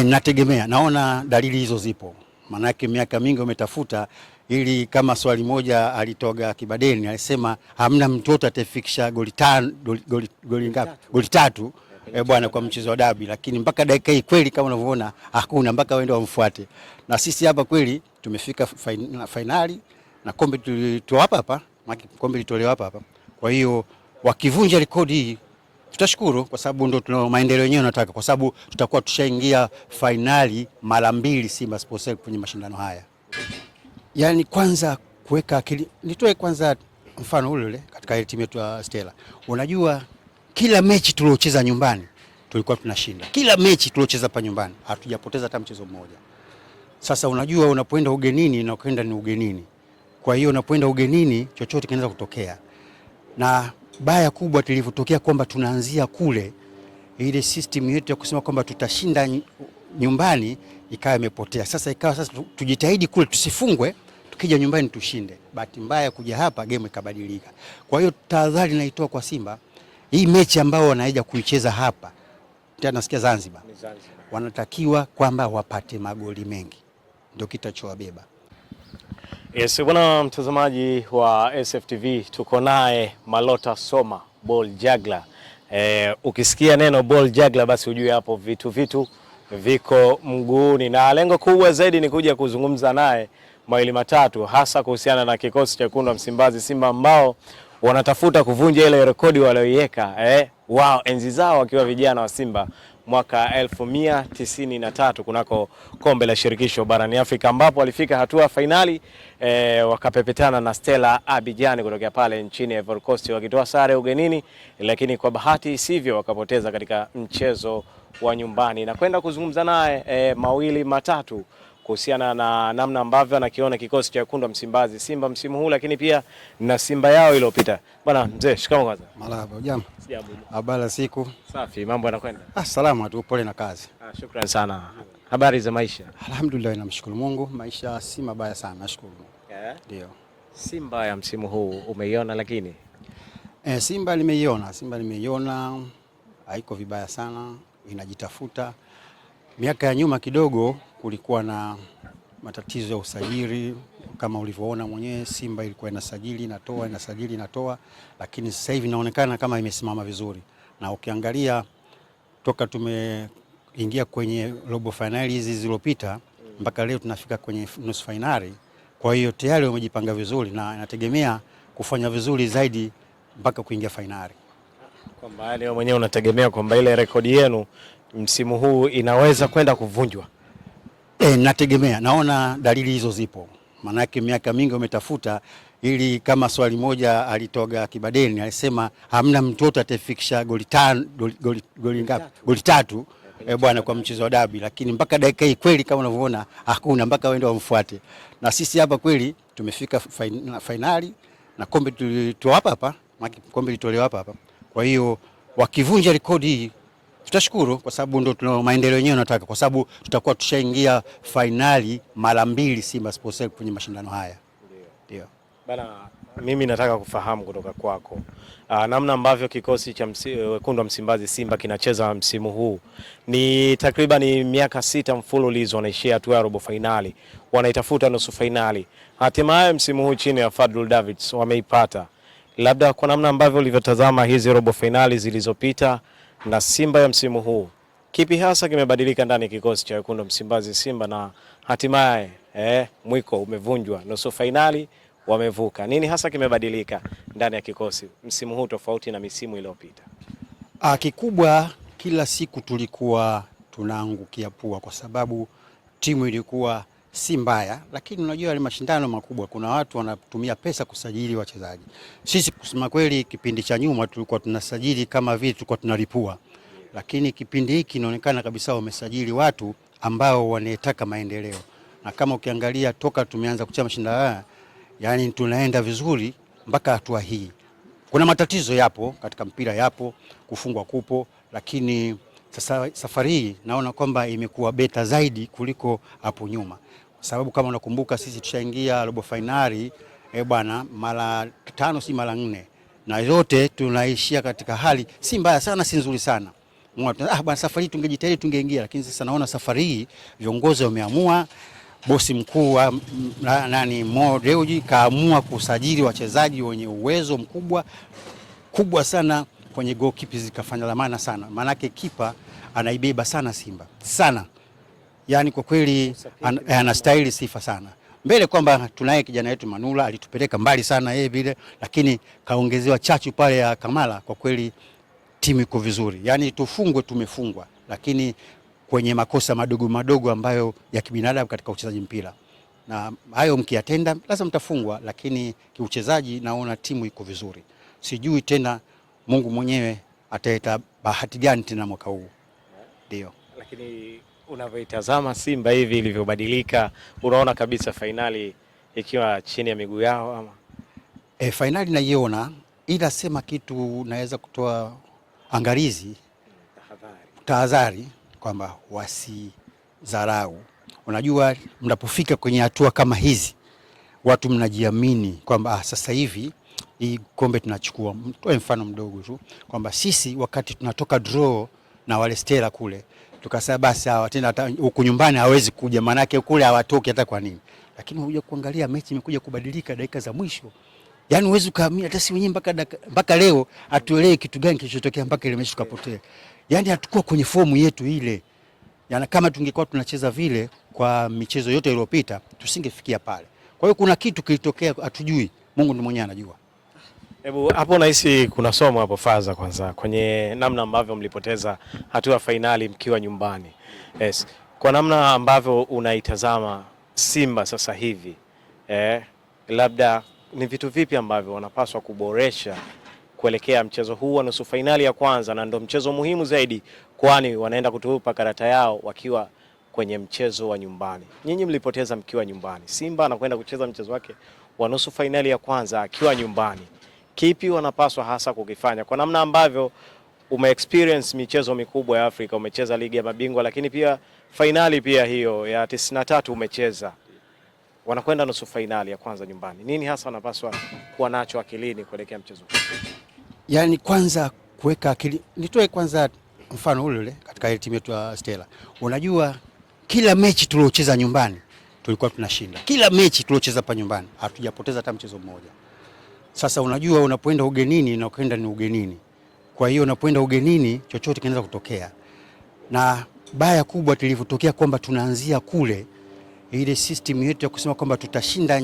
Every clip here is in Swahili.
Yaani, nategemea naona dalili hizo zipo, maanake miaka mingi umetafuta ili kama swali moja alitoga Kibadeni alisema hamna mtoto atafikisha goli tano goli ngapi? Goli tatu e, bwana kwa mchezo wa dabi, lakini mpaka dakika hii kweli kama unavyoona hakuna, mpaka waende wamfuate. Na sisi hapa kweli tumefika fainali na kombe tulitoa hapa hapa, kombe litolewa hapa hapa. Kwa hiyo wakivunja rekodi hii Tutashukuru kwa sababu ndio maendeleo yenyewe tunataka, kwa sababu tutakuwa tushaingia fainali mara mbili Simba Sports Club kwenye mashindano haya. Yaani kwanza kuweka akili, nitoe kwanza mfano ule ule katika ile timu yetu ya Stella. Unajua kila mechi tuliocheza nyumbani tulikuwa tunashinda, kila mechi tuliocheza pa nyumbani hatujapoteza hata mchezo mmoja. Sasa unajua unapoenda ugenini na ukaenda ni ugenini, kwa hiyo unapoenda ugenini chochote kinaweza kutokea na baya kubwa tulivyotokea kwamba tunaanzia kule, ile system yetu ya kusema kwamba tutashinda nyumbani ikawa imepotea. Sasa ikawa sasa tujitahidi kule tusifungwe, tukija nyumbani tushinde. Bahati mbaya kuja hapa game ikabadilika. Kwa hiyo tahadhari naitoa kwa Simba, hii mechi ambao wanaeja kuicheza hapa tena, nasikia Zanzibar, wanatakiwa kwamba wapate magoli mengi, ndio kitachowabeba. Yes, bwana mtazamaji wa SFTV tuko naye Malota Soma ball juggler. Eh, ukisikia neno ball juggler basi ujue hapo vitu vitu viko mguuni, na lengo kubwa zaidi ni kuja kuzungumza naye mawili matatu, hasa kuhusiana na kikosi cha kundwa wa Msimbazi Simba ambao wanatafuta kuvunja ile rekodi walioiweka eh, wao enzi zao wakiwa vijana wa Simba mwaka 1993 kunako kombe la shirikisho barani Afrika ambapo walifika hatua fainali e, eh, wakapepetana na Stella Abidjan kutokea pale nchini Ivory Coast wakitoa sare ugenini, lakini kwa bahati sivyo wakapoteza katika mchezo wa nyumbani. Na kwenda kuzungumza naye eh, mawili matatu kuhusiana na namna ambavyo anakiona kikosi cha wekundu wa Msimbazi, Simba msimu huu, lakini pia na Simba yao iliyopita. Bwana mzee, shikamoo kwanza. Marhaba, jambo. Habari za siku? Safi, mambo yanakwenda? Ah, salama tu, pole na kazi. Ah, shukran sana. Habari za maisha? Alhamdulillah, namshukuru Mungu, maisha si mabaya sana, nashukuru. Ndio. Yeah. Simba ya msimu huu umeiona lakini? Eh, Simba nimeiona, Simba nimeiona haiko vibaya sana, inajitafuta. Miaka ya nyuma kidogo kulikuwa na matatizo ya usajili kama ulivyoona mwenyewe, Simba ilikuwa inasajili inatoa, inasajili inatoa, lakini sasa hivi inaonekana kama imesimama vizuri, na ukiangalia toka tumeingia kwenye robo finali hizi zilizopita mpaka leo tunafika kwenye nusu finali. Kwa hiyo tayari wamejipanga vizuri na inategemea kufanya vizuri zaidi mpaka kuingia fainali. maana leo mwenyewe unategemea kwamba ile rekodi yenu msimu huu inaweza kwenda kuvunjwa? E, nategemea naona dalili hizo zipo, maanake miaka mingi umetafuta ili kama swali moja alitoga Kibadeni alisema hamna mtoto atafikisha goli tano goli, goli, goli tatu e, bwana kwa mchezo wa dabi, lakini mpaka dakika hii kweli kama unavyoona hakuna, mpaka wende wamfuate. Na sisi hapa kweli tumefika fainali na kombe tulitoa hapa hapa, kombe litolewa hapa hapa. Kwa hiyo wakivunja rekodi hii Tutashukuru kwa sababu ndo tuna maendeleo yenyewe tunataka, kwa sababu tutakuwa tushaingia fainali mara mbili Simba Sports Club kwenye mashindano haya. Ndio bana, mimi nataka kufahamu kutoka kwako aa, ah, namna ambavyo kikosi cha eh, wekundu wa Msimbazi Simba kinacheza msimu huu ni takriban miaka sita mfululizo wanaishia hatua ya robo fainali, wanaitafuta nusu fainali, hatimaye msimu huu chini ya Fadlu Davids wameipata. Labda kwa namna ambavyo ulivyotazama hizi robo fainali zilizopita na Simba ya msimu huu, kipi hasa kimebadilika ndani ya kikosi cha wekundu Msimbazi Simba, na hatimaye eh, mwiko umevunjwa, nusu fainali wamevuka. Nini hasa kimebadilika ndani ya kikosi msimu huu tofauti na misimu iliyopita? Ah, kikubwa kila siku tulikuwa tunaangukia pua, kwa sababu timu ilikuwa si mbaya, lakini unajua yale mashindano makubwa, kuna watu wanatumia pesa kusajili wachezaji. Sisi kusema kweli, kipindi cha nyuma tulikuwa tunasajili kama vile tulikuwa tunalipua, lakini kipindi hiki inaonekana kabisa wamesajili watu ambao wanataka maendeleo, na kama ukiangalia toka tumeanza kucheza mashindano haya, yani tunaenda vizuri mpaka hatua hii. Kuna matatizo yapo katika mpira, yapo kufungwa kupo, lakini sasa safari hii naona kwamba imekuwa beta zaidi kuliko hapo nyuma, kwa sababu kama unakumbuka sisi tushaingia robo fainali eh bwana, mara tano si mara nne, na yote tunaishia katika hali si mbaya sana, si nzuri sana. Ah, bwana, safari hii tungejitahidi, tungeingia. Lakini sasa naona safari hii viongozi wameamua, bosi mkuu nani Mo Dewji kaamua kusajili wachezaji wenye uwezo mkubwa kubwa sana kwenye goal kipi zikafanya lamana sana, maanake kipa anaibeba sana Simba sana, yani kwa kweli an, eh, anastahili sifa sana mbele kwamba tunaye kijana wetu Manula alitupeleka mbali sana yeye vile, lakini kaongezewa chachu pale ya Kamala. Kwa kweli timu iko vizuri, yani tufungwe, tumefungwa, lakini kwenye makosa madogo madogo ambayo ya kibinadamu katika uchezaji mpira, na hayo mkiyatenda lazima mtafungwa, lakini kiuchezaji naona timu iko vizuri, sijui tena Mungu mwenyewe ataleta bahati gani tena mwaka huu, ndio. Lakini unavyoitazama Simba hivi ilivyobadilika, unaona kabisa fainali ikiwa chini ya miguu yao ama? E, fainali naiona, ila sema kitu naweza kutoa angalizi, tahadhari kwamba wasidharau. Unajua, mnapofika kwenye hatua kama hizi watu mnajiamini kwamba ah, sasa hivi hii kombe tunachukua. Mtoe mfano mdogo tu kwamba sisi wakati tunatoka draw na wale Stella kule tukasema basi hawa tena huku nyumbani hawezi kuja, maana yake kule hawatoki hata kwa nini. Lakini unakuja kuangalia mechi imekuja kubadilika dakika za mwisho, yani huwezi kuamini. Hata si wenyewe mpaka mpaka leo hatuelewi kitu gani kilichotokea mpaka ile mechi tukapotea, yani hatukuwa kwenye fomu yetu ile. Yani kama tungekuwa tunacheza vile kwa michezo yote iliyopita tusingefikia pale. Kwa hiyo kuna kitu kilitokea, hatujui. Mungu ndiye mwenyewe anajua. Hebu hapo nahisi kuna somo hapo Faza, kwanza kwenye namna ambavyo mlipoteza hatua fainali mkiwa nyumbani. Yes. Kwa namna ambavyo unaitazama Simba sasa hivi eh, labda ni vitu vipi ambavyo wanapaswa kuboresha kuelekea mchezo huu wa nusu fainali ya kwanza, na ndo mchezo muhimu zaidi, kwani wanaenda kutupa karata yao wakiwa kwenye mchezo wa nyumbani. Nyinyi mlipoteza mkiwa nyumbani, Simba anakwenda kucheza mchezo wake wa nusu fainali ya kwanza akiwa nyumbani kipi wanapaswa hasa kukifanya, kwa namna ambavyo experience michezo mikubwa ya Afrika, umecheza ligi ya mabingwa, lakini pia fainali pia hiyo ya tatu umecheza, wanakwenda nusu fainali ya kwanza nyumbani. Nini hasa wanapaswa kuwa nacho akilini kuelekea mchezo huu? Yani kwanza kuweka akili, nitoe kwanza mfano ule ule katika ile timu yetu ya Stella. Unajua kila mechi tuliocheza nyumbani tulikuwa tunashinda, kila mechi tuliocheza pa nyumbani hatujapoteza hata mchezo mmoja. Sasa unajua unapoenda ugenini na ukaenda ni ugenini, kwa hiyo unapoenda ugenini chochote kinaweza kutokea, na baya kubwa tulivyotokea kwamba tunaanzia kule, ile system yetu ya kusema kwamba tutashinda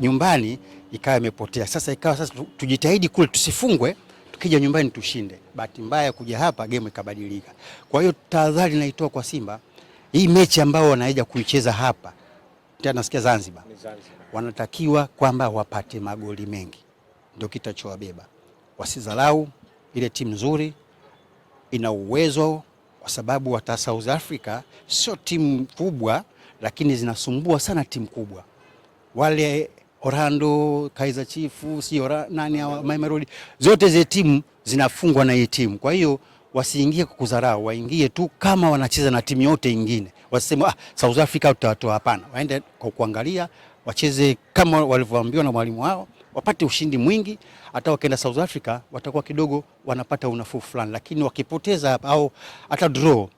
nyumbani ikawa imepotea. Sasa ikawa sasa tujitahidi kule tusifungwe, tukija nyumbani tushinde. Bahati mbaya kuja hapa game ikabadilika. Kwa hiyo tahadhari naitoa kwa Simba, hii mechi ambao wanaeja kuicheza hapa tena nasikia Zanzibar, wanatakiwa kwamba wapate magoli mengi ndio kitachowabeba. Wasidharau ile timu nzuri, ina uwezo kwa sababu hata South Africa sio timu kubwa, lakini zinasumbua sana timu kubwa wale Orlando, Kaizer Chiefs, si nani hawa Mamelodi, zote zile timu zinafungwa na hii timu. Kwa hiyo wasiingie kukudharau, waingie tu kama wanacheza na timu yote ingine. Wasiseme ah, South Africa tutawatoa. Hapana, waende kwa kuangalia, wacheze kama walivyoambiwa na mwalimu wao wapate ushindi mwingi, hata wakienda South Africa watakuwa kidogo wanapata unafuu fulani, lakini wakipoteza au hata draw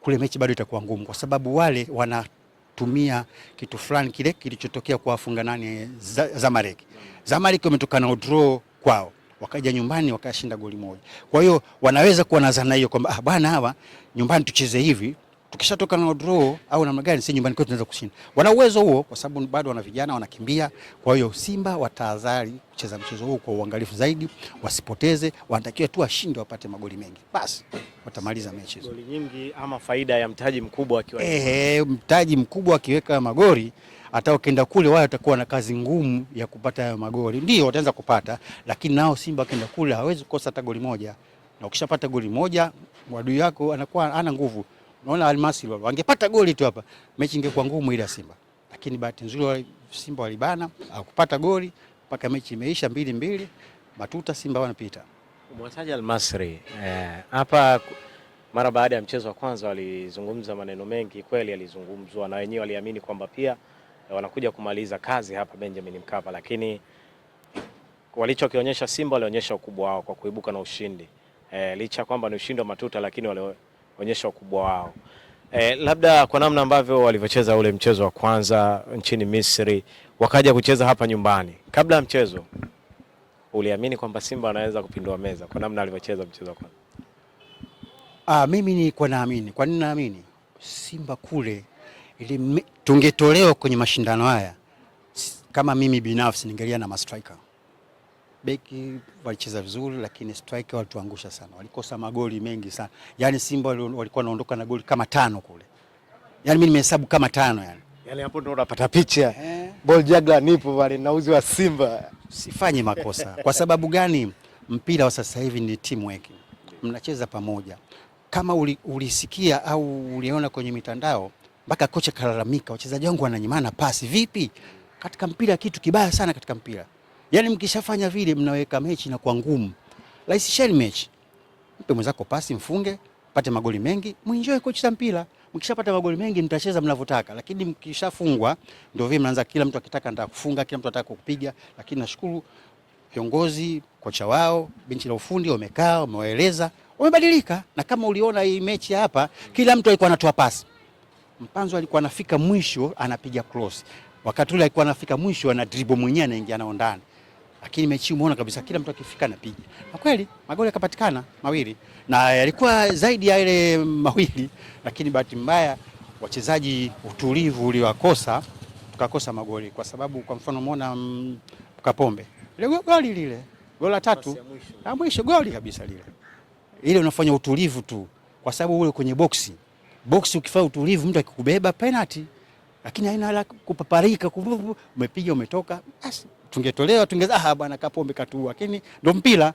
kule, mechi bado itakuwa ngumu, kwa sababu wale wanatumia kitu fulani kile kilichotokea kwa wafunga nane Zamalek. Zamalek wametoka na draw kwao wakaja nyumbani wakashinda goli moja. Kwa hiyo wanaweza kuwa na zana hiyo kwamba ah, bwana hawa nyumbani tucheze hivi tukishatoka na draw au namna gani, si nyumbani kwetu tunaweza kushinda. Wana uwezo huo, kwa sababu bado wana vijana wanakimbia. Kwa hiyo Simba watahadhari kucheza mchezo huu kwa uangalifu zaidi, wasipoteze. Wanatakiwa tu washinde, wapate magoli mengi, basi watamaliza mechi hizo. Goli nyingi ama faida ya mtaji mkubwa akiwa eh, mtaji mkubwa akiweka magoli hata ukienda kule wao watakuwa na kazi ngumu ya kupata hayo magoli. Ndio wataanza kupata, lakini nao Simba akienda kule hawezi kukosa hata goli moja, na ukishapata goli moja mwadui yako anakuwa ana nguvu Unaona Almasi wangepata goli tu hapa, mechi ingekuwa ngumu ile ya Simba, lakini bahati nzuri Simba walibana akupata goli mpaka mechi imeisha mbili mbili, matuta Simba wanapita. Umwataja Almasri eh, hapa eh, mara baada ya mchezo wa kwanza walizungumza maneno mengi kweli, alizungumzwa na wenyewe waliamini kwamba pia eh, wanakuja kumaliza kazi hapa Benjamin Mkapa, lakini walichokionyesha Simba walionyesha ukubwa wao kwa kuibuka na ushindi eh, licha kwamba ni ushindi wa matuta, lakini kuonyesha ukubwa wao. E, labda kwa namna ambavyo walivyocheza ule mchezo wa kwanza nchini Misri wakaja kucheza hapa nyumbani. Kabla ya mchezo uliamini kwamba Simba anaweza kupindua meza kwa namna alivyocheza mchezo wa kwanza? Ah, mimi kwa naamini. Kwa nini naamini? Simba kule ili tungetolewa kwenye mashindano haya, kama mimi binafsi ningelia na mastrika beki walicheza vizuri, lakini striker walituangusha sana, walikosa magoli mengi sana. Yani Simba walikuwa wanaondoka na goli kama tano kule, yani mimi nimehesabu kama tano yani. Yani hapo ndo unapata picha eh. Ball juggler nipo na uzi wa Simba, sifanye makosa kwa sababu gani? Mpira wa sasa hivi ni teamwork, mnacheza pamoja. Kama ulisikia au uliona kwenye mitandao, mpaka kocha kalalamika, wachezaji wangu wananyimana pasi. Vipi katika mpira? Kitu kibaya sana katika mpira Yaani mkishafanya vile mnaweka mechi na kwa ngumu. Rahisisheni mechi. Mpe mwenzako pasi mfunge, pate magoli mengi, muenjoy kocha za mpira. Mkishapata magoli mengi mtacheza mnavyotaka, lakini mkishafungwa ndio vile mnaanza kila mtu akitaka ndio kufunga, kila mtu anataka kupiga, lakini nashukuru viongozi, kocha wao, benchi la ufundi wamekaa, wamewaeleza, wamebadilika. Na kama uliona hii mechi hapa, kila mtu alikuwa anatoa pasi. Mpanzo alikuwa anafika mwisho anapiga cross. Wakati ule alikuwa anafika mwisho ana dribble mwenyewe anaingia nao ndani lakini mechi umeona kabisa kila mtu akifika anapiga, na kweli magoli yakapatikana mawili na yalikuwa zaidi ya ile mawili, lakini bahati mbaya wachezaji utulivu uliwakosa, tukakosa magoli, kwa sababu kwa mfano umeona mm, Kapombe ile goli lile goli la tatu la mwisho goli kabisa lile ile, unafanya utulivu tu, kwa sababu ule kwenye boksi boksi, ukifanya utulivu mtu akikubeba penalty, lakini haina la kupaparika, umepiga umetoka, basi tungetolewa tungeza, ah bwana Kapombe katuua, lakini ndo mpira